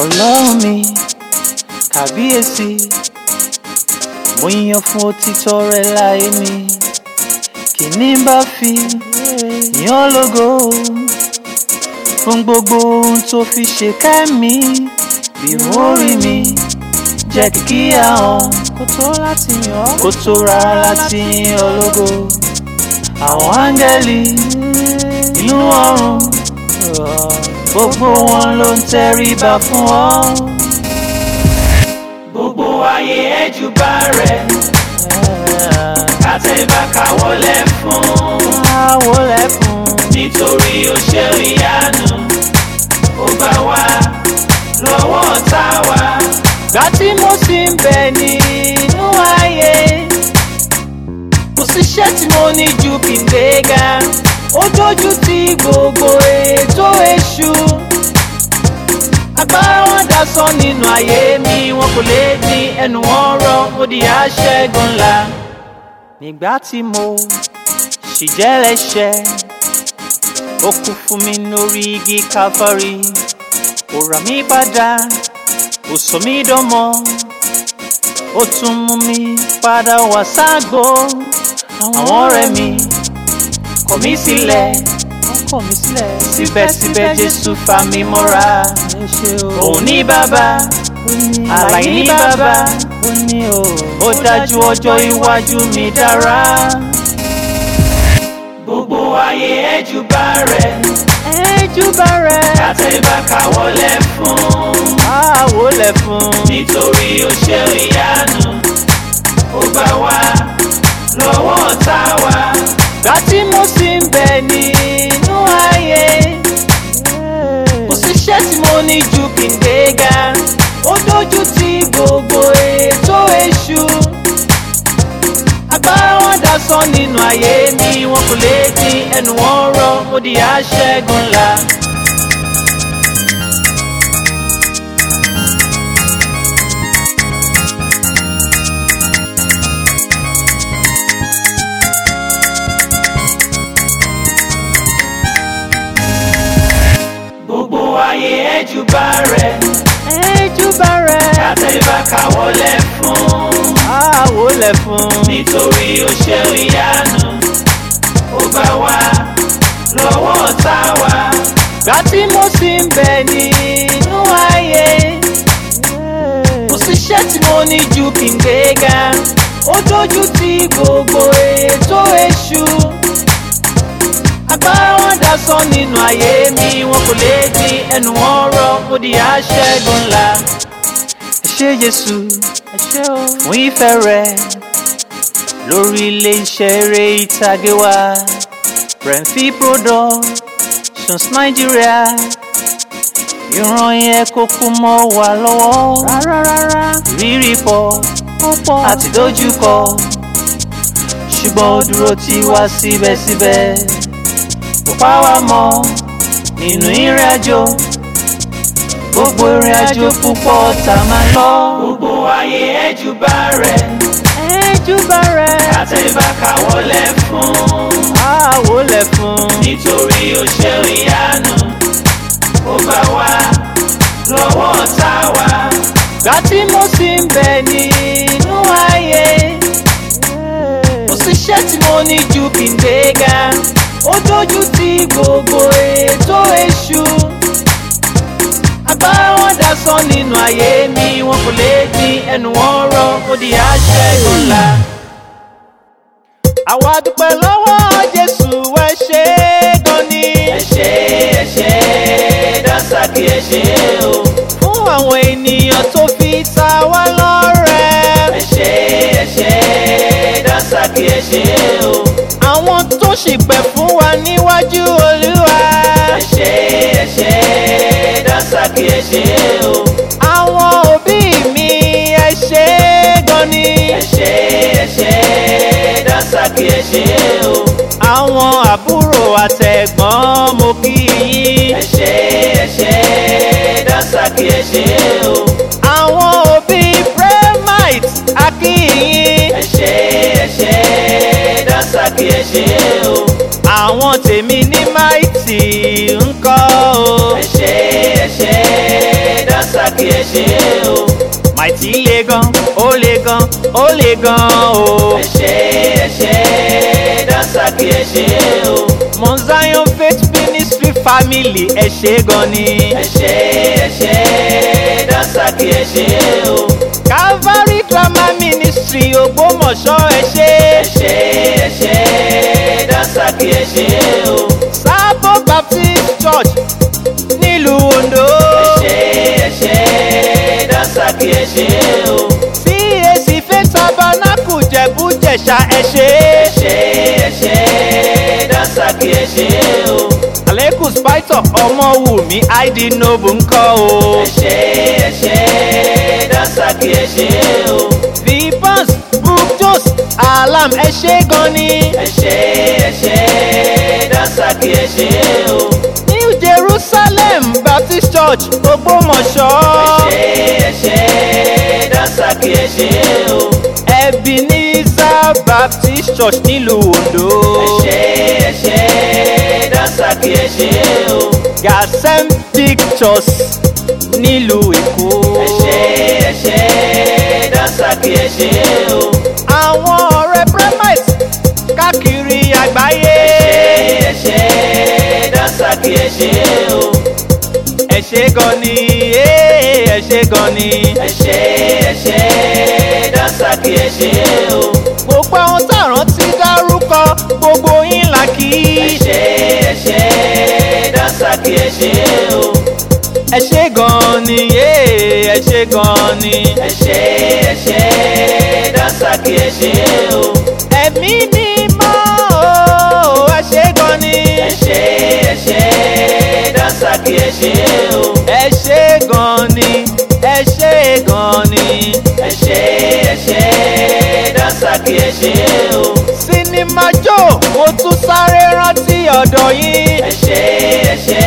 ọlọ́run mi kàbíyèsí mo yan fún òtítọ́ rẹ láì mi kìíní bá fi yan lógo fún gbogbo ohun tó fi ṣe ká mi bí orí mi jẹ́ kí àwọn kò tó láti rárá láti yan ológo àwọn áńgẹ́lì inú ọ̀run gbogbo wọn ló ń tẹríba fún ọ. gbogbo ayé ẹjú bá rẹ̀ kátẹ́bà káwọ́lẹ̀ fún. káwọ́lẹ̀ fún. nítorí ó ṣe ìyanu ó bá wa lọ́wọ́ ọ̀tá wa. gbà tí mo sì ń bẹ nínú ayé kò síṣẹ́ tí mo ní ju kìndéga ó tójú sí gbogbo ètò èṣù agbára wọn dasọ nínú ayé mi wọn kò lè dín ẹnu wọn rọ ó di aṣẹ́gun ńlá. nígbà tí mo ṣì jẹ́ lẹ́ṣẹ̀ ó kú fún mi lórí igi Calvary ó rà mí padà ó sọ mí dọ́mọ ó tún mú mi padà wá ságbo àwọn ọ̀rẹ́ mi kọ̀ mí sílẹ̀ kọ̀ mí sílẹ̀ síbẹ̀síbẹ̀ Jésù fà mí mọ́ra òun ní bàbá àlàyé ní bàbá ó dájú ọjọ́ iwájú mi dára gbogbo ayé ẹjú bá rẹ̀ ẹjú bá rẹ̀ kátẹ́bá káwọ́lẹ̀ fún káwọ́lẹ̀ fún nítorí ó ṣe ìyanu ó gbà wá lọ́wọ́ ọ̀tá wa ìgbà tí mo sì ń bẹ nínú ayé kò síṣẹ́ tí mo ní ju kìndéga ó dójú ti gbogbo ètò èṣù agbára wọn dá sọ nínú ayé mi wọn kò lè dín ẹnu wọn rọ ó di aṣẹ́gun là. ẹ̀júbà rẹ̀. ẹ̀júbà rẹ̀. tàtẹ́bà káwọ́lẹ̀ fún. àwọlẹ̀ fún. nítorí ó ṣe ìyanu ó bá wa lọ́wọ́ ọ̀tá wa. gbà tí mo sì ń bẹ nínú ayé kò síṣẹ́ tí mo ní ju kí n gbé ga ó dójú ti gbogbo ètò èṣù bá wọn dá sọ nínú ayé mi wọn kò lè di ẹnu wọn rọ di aṣẹ́gun ńlá. ṣé Jésù fún ìfẹ́ rẹ lórí ilé iṣẹ́ eré ìtàgé wa Renfi Productions Nigeria ìran yẹn kókó mọ́ wa lọ́wọ́ rírì pọ̀ àti dojúkọ ṣùgbọ́n ó dúró tì wá síbẹ̀síbẹ̀ kò pa wá mọ́ nínú ìrìn àjò gbogbo ìrìn àjò púpọ̀ tá a máa lọ. gbogbo ayé ẹjú bá rẹ̀. ẹjú bá rẹ̀. àtẹ̀bá káwọlé fún. àwọlé fún. nítorí ó ṣe ìyanu ó bá wá lọ́wọ́ tá a wá. gàtí mo sì ń bẹ nínú ayé mo sì ṣe tí mo ní ju bìndéga ó tójú ti gbogbo ètò èṣù agbára wọn dá sọ nínú ayé mi wọn kò lè dín ẹnu wọn rọ ó di aṣẹ́gun ńlá. àwa dúpẹ́ lọ́wọ́ Jésù ẹ ṣé gan ni. ẹ ṣé ẹ ṣé dásàkì ẹ ṣé o. fún àwọn ènìyàn tó fi ta wá lọ́rẹ. ẹ ṣé ẹ ṣé dásàkì ẹ ṣé o. àwọn tó ṣì pẹ́ fún. ṣe o. àwọn òbí mi ẹ ṣe é gan ni. ẹ ṣe ẹ ṣe dasaki ẹ ṣe o. àwọn àbúrò àtẹ̀gbọ́n mo kí yín. ẹ ṣe ẹ ṣe dasaki ẹ ṣe o. àwọn òbí Primite a kí yín. ẹ ṣe ẹ ṣe dasaki ẹ ṣe o. àwọn tèmi ní Mighty. fàìtì le gan ó le gan ó le gan o. ẹ ṣé ẹ ṣé Dasaki ẹ ṣé o. Mount Zion Faith Ministry family ẹ ṣé gan ni. ẹ ṣé ẹ ṣé Dasaki ẹ ṣé o. Calvary Drama Ministry Ògbómọ̀ṣọ́ ẹ̀ṣà ẹ̀ṣẹ̀. ẹ̀ṣẹ̀ ẹ̀ṣẹ̀ dansaki ẹ̀ṣẹ̀ o. àlékún spáìtọ̀ ọmọ wùmí id nobu ń kọ́ o. ẹ̀ṣẹ̀ ẹ̀ṣẹ̀ dansaki ẹ̀ṣẹ̀ o. vipans bukjos alam ẹ̀ṣẹ̀ gan ni. ẹ̀ṣẹ̀ ẹ̀ṣẹ̀ dansaki ẹ̀ṣẹ̀ o. new jerusalem baptist church ògbómọ̀ṣọ́. ẹ̀ṣẹ̀ ẹ̀ṣẹ̀ dansaki ẹ̀ṣẹ̀ o. ẹ̀bí ní Royal Baptist Church nílùú Ondo. Ẹ ṣé ẹ ṣé Dansaki ẹ ṣé o. Gasem Pictures nílùú Èkó. Ẹ ṣé ẹ dansa Dansaki ẹ ṣé o. Àwọn ọ̀rẹ́ Premite káàkiri àgbáyé. Ẹ ṣé ẹ ṣé Dansaki ẹ ṣé o. Ẹ ṣé gan ni eh, ẹ ṣé gan ni. Ẹ ṣé ẹ ṣé Dansaki ẹ ṣé o gbogbo àwọn tààrán ti dárúkọ gbogbo yín là kí. ẹ ṣé ẹ ṣé dásàkí ẹ ṣé o. ẹ ṣé gan-an ni yéé ẹ ṣé gan-an ni. ẹ ṣé ẹ ṣé dásàkí ẹ ṣé o. ẹ̀mí ni mọ́ o ẹ ṣé gan-an ni. ẹ ṣé ẹ ṣé dásàkí ẹ ṣé o. lọ́dọ̀ yín. ẹ ṣé ẹ ṣé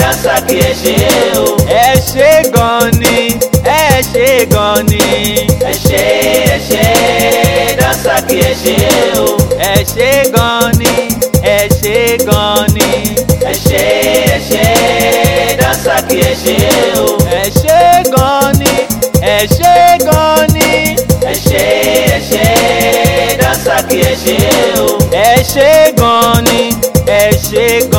Dàsàkí ẹ ṣé o. ẹ ṣé gan ni ẹ ṣé gan ni. ẹ ṣé ẹ ṣé Dàsàkí ẹ ṣé o. ẹ ṣé gan ni ẹ ṣé gan ni. ẹ ṣé ẹ ṣé Dàsàkí ẹ ṣé o. ẹ ṣé gan ni ẹ ṣé gan ni. ẹ ṣé ẹ ṣé Dàsàkí ẹ ṣé o. ẹ ṣé gan ni. chegou.